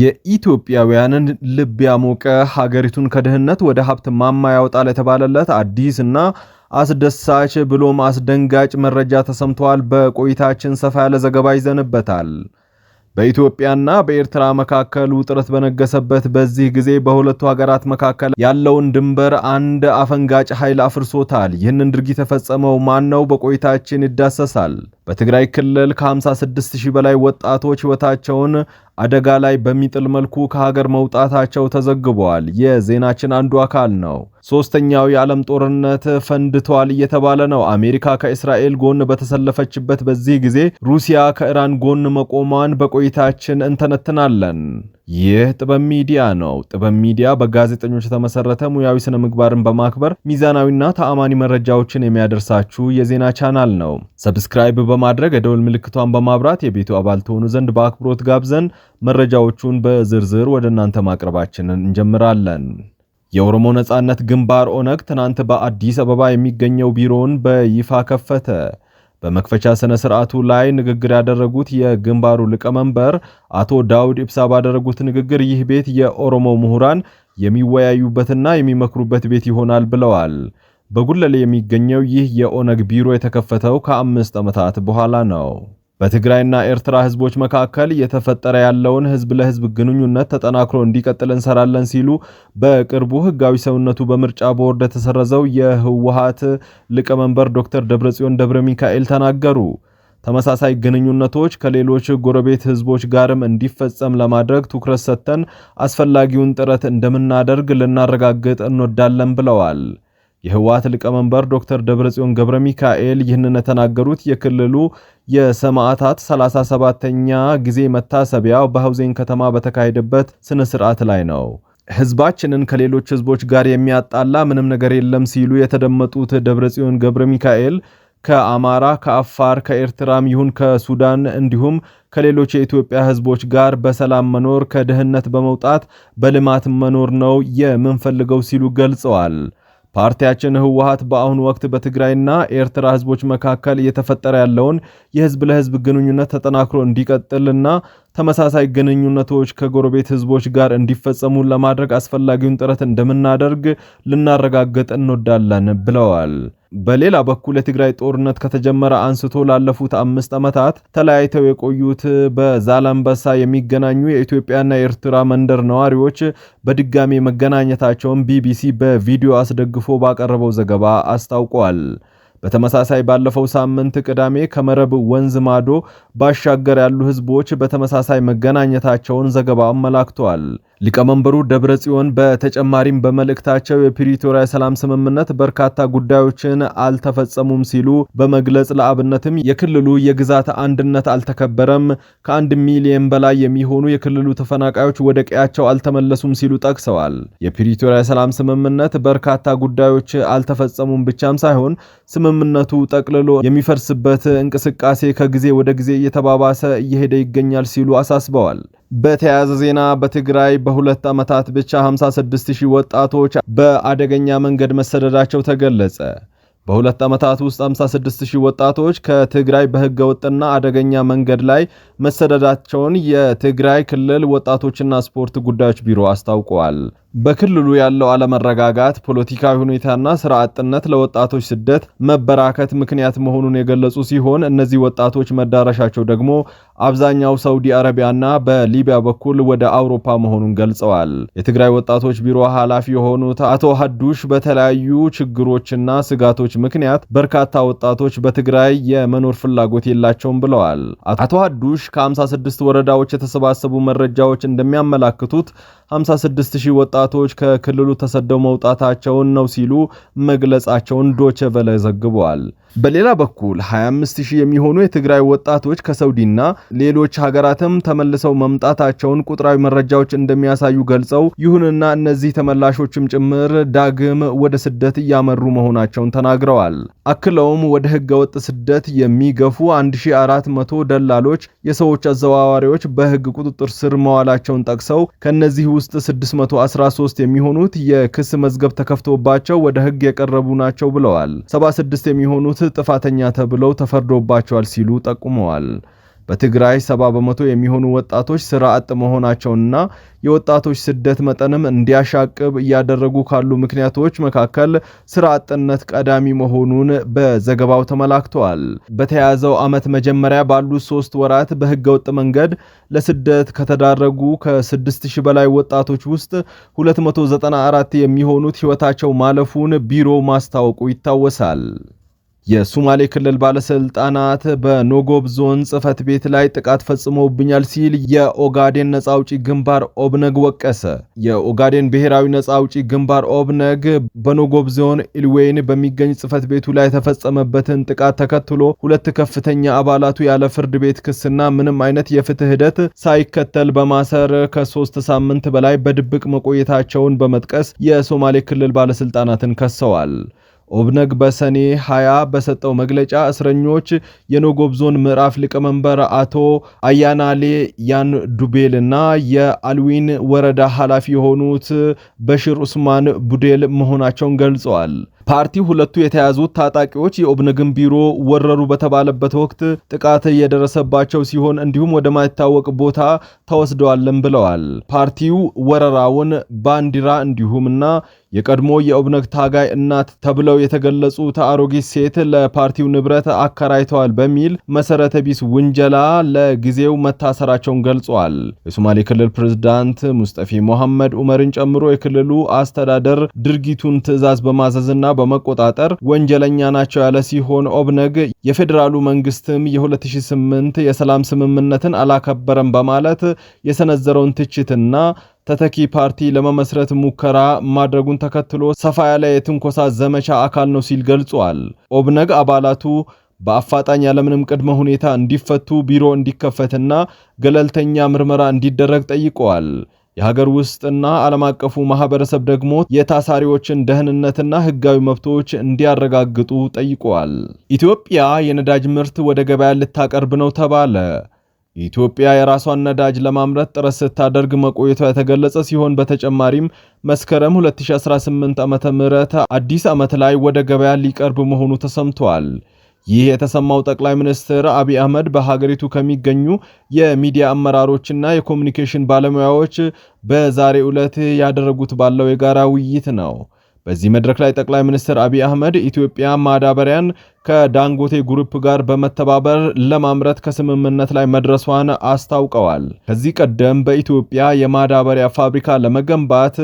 የኢትዮጵያውያንን ልብ ያሞቀ ሀገሪቱን ከድህነት ወደ ሀብት ማማ ያወጣ ለተባለለት አዲስ እና አስደሳች ብሎም አስደንጋጭ መረጃ ተሰምተዋል። በቆይታችን ሰፋ ያለ ዘገባ ይዘንበታል። በኢትዮጵያና በኤርትራ መካከል ውጥረት በነገሰበት በዚህ ጊዜ በሁለቱ ሀገራት መካከል ያለውን ድንበር አንድ አፈንጋጭ ኃይል አፍርሶታል። ይህንን ድርጊት የፈጸመው ማን ነው? በቆይታችን ይዳሰሳል። በትግራይ ክልል ከ56 ሺህ በላይ ወጣቶች ሕይወታቸውን አደጋ ላይ በሚጥል መልኩ ከሀገር መውጣታቸው ተዘግቧል። የዜናችን አንዱ አካል ነው። ሶስተኛው የዓለም ጦርነት ፈንድቷል እየተባለ ነው። አሜሪካ ከእስራኤል ጎን በተሰለፈችበት በዚህ ጊዜ ሩሲያ ከኢራን ጎን መቆሟን በቆይታችን እንተነትናለን። ይህ ጥበብ ሚዲያ ነው። ጥበብ ሚዲያ በጋዜጠኞች የተመሰረተ ሙያዊ ስነ ምግባርን በማክበር ሚዛናዊና ተአማኒ መረጃዎችን የሚያደርሳችሁ የዜና ቻናል ነው። ሰብስክራይብ በማድረግ የደወል ምልክቷን በማብራት የቤቱ አባል ትሆኑ ዘንድ በአክብሮት ጋብዘን መረጃዎቹን በዝርዝር ወደ እናንተ ማቅረባችንን እንጀምራለን። የኦሮሞ ነጻነት ግንባር ኦነግ ትናንት በአዲስ አበባ የሚገኘው ቢሮውን በይፋ ከፈተ። በመክፈቻ ስነ ስርዓቱ ላይ ንግግር ያደረጉት የግንባሩ ሊቀመንበር አቶ ዳውድ ኢብሳ ባደረጉት ንግግር ይህ ቤት የኦሮሞ ምሁራን የሚወያዩበትና የሚመክሩበት ቤት ይሆናል ብለዋል። በጉለሌ የሚገኘው ይህ የኦነግ ቢሮ የተከፈተው ከአምስት ዓመታት በኋላ ነው። በትግራይና ኤርትራ ህዝቦች መካከል እየተፈጠረ ያለውን ህዝብ ለህዝብ ግንኙነት ተጠናክሮ እንዲቀጥል እንሰራለን ሲሉ በቅርቡ ህጋዊ ሰውነቱ በምርጫ ቦርድ የተሰረዘው የህወሀት ሊቀመንበር ዶክተር ደብረጽዮን ደብረ ሚካኤል ተናገሩ። ተመሳሳይ ግንኙነቶች ከሌሎች ጎረቤት ህዝቦች ጋርም እንዲፈጸም ለማድረግ ትኩረት ሰጥተን አስፈላጊውን ጥረት እንደምናደርግ ልናረጋግጥ እንወዳለን ብለዋል። የህወሓት ሊቀመንበር ዶክተር ደብረጽዮን ገብረ ሚካኤል ይህንን የተናገሩት የክልሉ የሰማዕታት 37ኛ ጊዜ መታሰቢያ በሐውዜን ከተማ በተካሄደበት ስነ ስርዓት ላይ ነው። ህዝባችንን ከሌሎች ህዝቦች ጋር የሚያጣላ ምንም ነገር የለም ሲሉ የተደመጡት ደብረጽዮን ገብረ ሚካኤል ከአማራ፣ ከአፋር፣ ከኤርትራም ይሁን ከሱዳን እንዲሁም ከሌሎች የኢትዮጵያ ህዝቦች ጋር በሰላም መኖር ከድህነት በመውጣት በልማት መኖር ነው የምንፈልገው ሲሉ ገልጸዋል። ፓርቲያችን ህወሀት በአሁኑ ወቅት በትግራይና ኤርትራ ህዝቦች መካከል እየተፈጠረ ያለውን የህዝብ ለህዝብ ግንኙነት ተጠናክሮ እንዲቀጥልና ተመሳሳይ ግንኙነቶች ከጎረቤት ህዝቦች ጋር እንዲፈጸሙ ለማድረግ አስፈላጊውን ጥረት እንደምናደርግ ልናረጋግጥ እንወዳለን ብለዋል። በሌላ በኩል የትግራይ ጦርነት ከተጀመረ አንስቶ ላለፉት አምስት ዓመታት ተለያይተው የቆዩት በዛላምበሳ የሚገናኙ የኢትዮጵያና የኤርትራ መንደር ነዋሪዎች በድጋሚ መገናኘታቸውን ቢቢሲ በቪዲዮ አስደግፎ ባቀረበው ዘገባ አስታውቋል። በተመሳሳይ ባለፈው ሳምንት ቅዳሜ ከመረብ ወንዝ ማዶ ባሻገር ያሉ ህዝቦች በተመሳሳይ መገናኘታቸውን ዘገባው አመላክቷል። ሊቀመንበሩ ደብረ ጽዮን በተጨማሪም በመልእክታቸው የፕሪቶሪያ ሰላም ስምምነት በርካታ ጉዳዮችን አልተፈጸሙም ሲሉ በመግለጽ ለአብነትም የክልሉ የግዛት አንድነት አልተከበረም፣ ከአንድ ሚሊየን በላይ የሚሆኑ የክልሉ ተፈናቃዮች ወደ ቀያቸው አልተመለሱም ሲሉ ጠቅሰዋል። የፕሪቶሪያ ሰላም ስምምነት በርካታ ጉዳዮች አልተፈጸሙም ብቻም ሳይሆን ስምምነቱ ጠቅልሎ የሚፈርስበት እንቅስቃሴ ከጊዜ ወደ ጊዜ እየተባባሰ እየሄደ ይገኛል ሲሉ አሳስበዋል። በተያያዘ ዜና በትግራይ በሁለት ዓመታት ብቻ 56 ሺህ ወጣቶች በአደገኛ መንገድ መሰደዳቸው ተገለጸ። በሁለት ዓመታት ውስጥ 56000 ወጣቶች ከትግራይ በህገ ወጥና አደገኛ መንገድ ላይ መሰደዳቸውን የትግራይ ክልል ወጣቶችና ስፖርት ጉዳዮች ቢሮ አስታውቀዋል። በክልሉ ያለው አለመረጋጋት፣ ፖለቲካዊ ሁኔታና ስራ አጥነት ለወጣቶች ስደት መበራከት ምክንያት መሆኑን የገለጹ ሲሆን እነዚህ ወጣቶች መዳረሻቸው ደግሞ አብዛኛው ሳውዲ አረቢያና በሊቢያ በኩል ወደ አውሮፓ መሆኑን ገልጸዋል። የትግራይ ወጣቶች ቢሮ ኃላፊ የሆኑት አቶ ሀዱሽ በተለያዩ ችግሮችና ስጋቶች ምክንያት በርካታ ወጣቶች በትግራይ የመኖር ፍላጎት የላቸውም ብለዋል። አቶ ሀዱሽ ከ56 ወረዳዎች የተሰባሰቡ መረጃዎች እንደሚያመላክቱት 56000 ወጣቶች ከክልሉ ተሰደው መውጣታቸውን ነው ሲሉ መግለጻቸውን ዶቼ ቬለ ዘግቧል። በሌላ በኩል 25000 የሚሆኑ የትግራይ ወጣቶች ከሳውዲና ሌሎች ሀገራትም ተመልሰው መምጣታቸውን ቁጥራዊ መረጃዎች እንደሚያሳዩ ገልጸው ይሁንና እነዚህ ተመላሾችም ጭምር ዳግም ወደ ስደት እያመሩ መሆናቸውን ተናግረዋል። ተናግረዋል። አክለውም ወደ ህገ ወጥ ስደት የሚገፉ 1400 ደላሎች፣ የሰዎች አዘዋዋሪዎች በህግ ቁጥጥር ስር መዋላቸውን ጠቅሰው ከእነዚህ ውስጥ 613 የሚሆኑት የክስ መዝገብ ተከፍቶባቸው ወደ ህግ የቀረቡ ናቸው ብለዋል። 76 የሚሆኑት ጥፋተኛ ተብለው ተፈርዶባቸዋል ሲሉ ጠቁመዋል። በትግራይ ሰ7 በመቶ የሚሆኑ ወጣቶች ስራ አጥ መሆናቸውንና የወጣቶች ስደት መጠንም እንዲያሻቅብ እያደረጉ ካሉ ምክንያቶች መካከል ስራ አጥነት ቀዳሚ መሆኑን በዘገባው ተመላክተዋል። በተያያዘው ዓመት መጀመሪያ ባሉት ሶስት ወራት በህገወጥ መንገድ ለስደት ከተዳረጉ ከ6000 በላይ ወጣቶች ውስጥ 294 የሚሆኑት ህይወታቸው ማለፉን ቢሮ ማስታወቁ ይታወሳል። የሱማሌ ክልል ባለስልጣናት በኖጎብ ዞን ጽህፈት ቤት ላይ ጥቃት ፈጽመውብኛል ሲል የኦጋዴን ነጻ አውጪ ግንባር ኦብነግ ወቀሰ። የኦጋዴን ብሔራዊ ነጻ አውጪ ግንባር ኦብነግ በኖጎብ ዞን ኢልዌይን በሚገኝ ጽህፈት ቤቱ ላይ የተፈጸመበትን ጥቃት ተከትሎ ሁለት ከፍተኛ አባላቱ ያለ ፍርድ ቤት ክስና ምንም አይነት የፍትህ ሂደት ሳይከተል በማሰር ከሶስት ሳምንት በላይ በድብቅ መቆየታቸውን በመጥቀስ የሶማሌ ክልል ባለስልጣናትን ከሰዋል። ኦብነግ በሰኔ 20 በሰጠው መግለጫ እስረኞች የኖጎብ ዞን ምዕራፍ ሊቀመንበር አቶ አያናሌ ያን ዱቤል እና የአልዊን ወረዳ ኃላፊ የሆኑት በሽር ኡስማን ቡዴል መሆናቸውን ገልጸዋል። ፓርቲው ሁለቱ የተያዙት ታጣቂዎች የኦብነግን ቢሮ ወረሩ በተባለበት ወቅት ጥቃት እየደረሰባቸው ሲሆን እንዲሁም ወደማይታወቅ ቦታ ተወስደዋለን ብለዋል። ፓርቲው ወረራውን ባንዲራ እንዲሁም እና የቀድሞ የኦብነግ ታጋይ እናት ተብለው የተገለጹት አሮጊት ሴት ለፓርቲው ንብረት አከራይተዋል በሚል መሰረተ ቢስ ውንጀላ ለጊዜው መታሰራቸውን ገልጿል። የሶማሌ ክልል ፕሬዝዳንት ሙስጠፊ ሞሐመድ ዑመርን ጨምሮ የክልሉ አስተዳደር ድርጊቱን ትዕዛዝ በማዘዝና በመቆጣጠር ወንጀለኛ ናቸው ያለ ሲሆን ኦብነግ የፌዴራሉ መንግስትም የ2008 የሰላም ስምምነትን አላከበረም በማለት የሰነዘረውን ትችትና ተተኪ ፓርቲ ለመመስረት ሙከራ ማድረጉን ተከትሎ ሰፋ ያለ የትንኮሳ ዘመቻ አካል ነው ሲል ገልጿል። ኦብነግ አባላቱ በአፋጣኝ ያለምንም ቅድመ ሁኔታ እንዲፈቱ ቢሮ እንዲከፈትና ገለልተኛ ምርመራ እንዲደረግ ጠይቀዋል። የሀገር ውስጥና ዓለም አቀፉ ማህበረሰብ ደግሞ የታሳሪዎችን ደህንነትና ህጋዊ መብቶች እንዲያረጋግጡ ጠይቀዋል። ኢትዮጵያ የነዳጅ ምርት ወደ ገበያ ልታቀርብ ነው ተባለ። ኢትዮጵያ የራሷን ነዳጅ ለማምረት ጥረት ስታደርግ መቆየቷ የተገለጸ ሲሆን በተጨማሪም መስከረም 2018 ም አዲስ ዓመት ላይ ወደ ገበያ ሊቀርብ መሆኑ ተሰምቷል። ይህ የተሰማው ጠቅላይ ሚኒስትር አብይ አህመድ በሀገሪቱ ከሚገኙ የሚዲያ አመራሮችና የኮሚኒኬሽን ባለሙያዎች በዛሬ ዕለት ያደረጉት ባለው የጋራ ውይይት ነው። በዚህ መድረክ ላይ ጠቅላይ ሚኒስትር አብይ አህመድ ኢትዮጵያ ማዳበሪያን ከዳንጎቴ ግሩፕ ጋር በመተባበር ለማምረት ከስምምነት ላይ መድረሷን አስታውቀዋል። ከዚህ ቀደም በኢትዮጵያ የማዳበሪያ ፋብሪካ ለመገንባት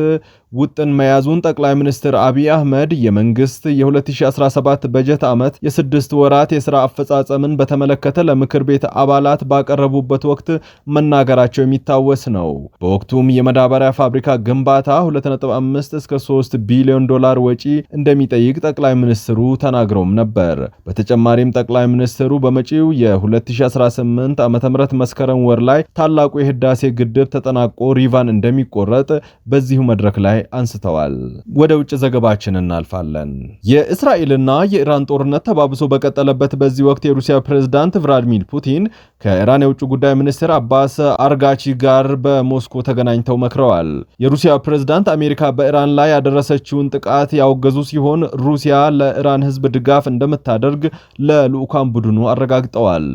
ውጥን መያዙን ጠቅላይ ሚኒስትር አብይ አህመድ የመንግስት የ2017 በጀት ዓመት የስድስት ወራት የሥራ አፈጻጸምን በተመለከተ ለምክር ቤት አባላት ባቀረቡበት ወቅት መናገራቸው የሚታወስ ነው። በወቅቱም የማዳበሪያ ፋብሪካ ግንባታ 2.5 እስከ 3 ቢሊዮን ዶላር ወጪ እንደሚጠይቅ ጠቅላይ ሚኒስትሩ ተናግረውም ነበር። በተጨማሪም ጠቅላይ ሚኒስትሩ በመጪው የ2018 ዓ.ም መስከረም ወር ላይ ታላቁ የህዳሴ ግድብ ተጠናቆ ሪቫን እንደሚቆረጥ በዚሁ መድረክ ላይ አንስተዋል። ወደ ውጭ ዘገባችን እናልፋለን። የእስራኤልና የኢራን ጦርነት ተባብሶ በቀጠለበት በዚህ ወቅት የሩሲያ ፕሬዝዳንት ቭላድሚር ፑቲን ከኢራን የውጭ ጉዳይ ሚኒስትር አባስ አርጋቺ ጋር በሞስኮ ተገናኝተው መክረዋል። የሩሲያ ፕሬዝዳንት አሜሪካ በኢራን ላይ ያደረሰችውን ጥቃት ያወገዙ ሲሆን ሩሲያ ለኢራን ህዝብ ድጋፍ እንደምታ እንደምታደርግ ለልዑካን ቡድኑ አረጋግጠዋል።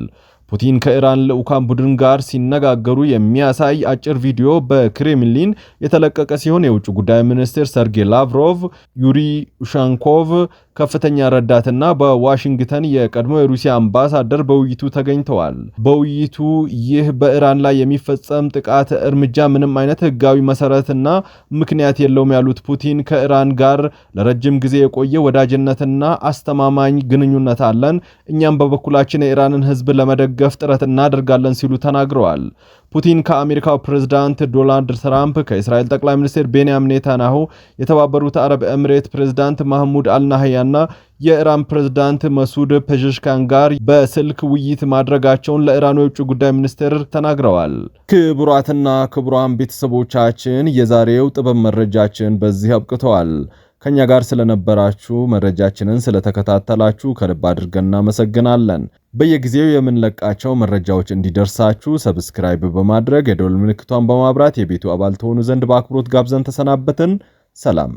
ፑቲን ከኢራን ልዑካን ቡድን ጋር ሲነጋገሩ የሚያሳይ አጭር ቪዲዮ በክሬምሊን የተለቀቀ ሲሆን የውጭ ጉዳይ ሚኒስትር ሰርጌይ ላቭሮቭ ዩሪ ኡሻንኮቭ ከፍተኛ ረዳትና በዋሽንግተን የቀድሞ የሩሲያ አምባሳደር በውይይቱ ተገኝተዋል። በውይይቱ ይህ በኢራን ላይ የሚፈጸም ጥቃት እርምጃ ምንም አይነት ህጋዊ መሰረትና ምክንያት የለውም ያሉት ፑቲን ከኢራን ጋር ለረጅም ጊዜ የቆየ ወዳጅነትና አስተማማኝ ግንኙነት አለን፣ እኛም በበኩላችን የኢራንን ህዝብ ለመደገፍ ጥረት እናደርጋለን ሲሉ ተናግረዋል። ፑቲን ከአሜሪካው ፕሬዝዳንት ዶናልድ ትራምፕ ከእስራኤል ጠቅላይ ሚኒስትር ቤንያሚን ኔታንያሁ የተባበሩት አረብ ኤምሬት ፕሬዝዳንት ማህሙድ አልናህያና የኢራን ፕሬዝዳንት መሱድ ፔዥሽካን ጋር በስልክ ውይይት ማድረጋቸውን ለኢራን የውጭ ጉዳይ ሚኒስቴር ተናግረዋል። ክቡራትና ክቡራን ቤተሰቦቻችን የዛሬው ጥበብ መረጃችን በዚህ አብቅተዋል። ከእኛ ጋር ስለነበራችሁ መረጃችንን ስለተከታተላችሁ ከልብ አድርገን እናመሰግናለን። በየጊዜው የምንለቃቸው መረጃዎች እንዲደርሳችሁ ሰብስክራይብ በማድረግ የደወል ምልክቷን በማብራት የቤቱ አባል ተሆኑ ዘንድ በአክብሮት ጋብዘን ተሰናበትን። ሰላም